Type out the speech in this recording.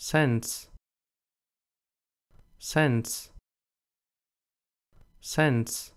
sense sense sense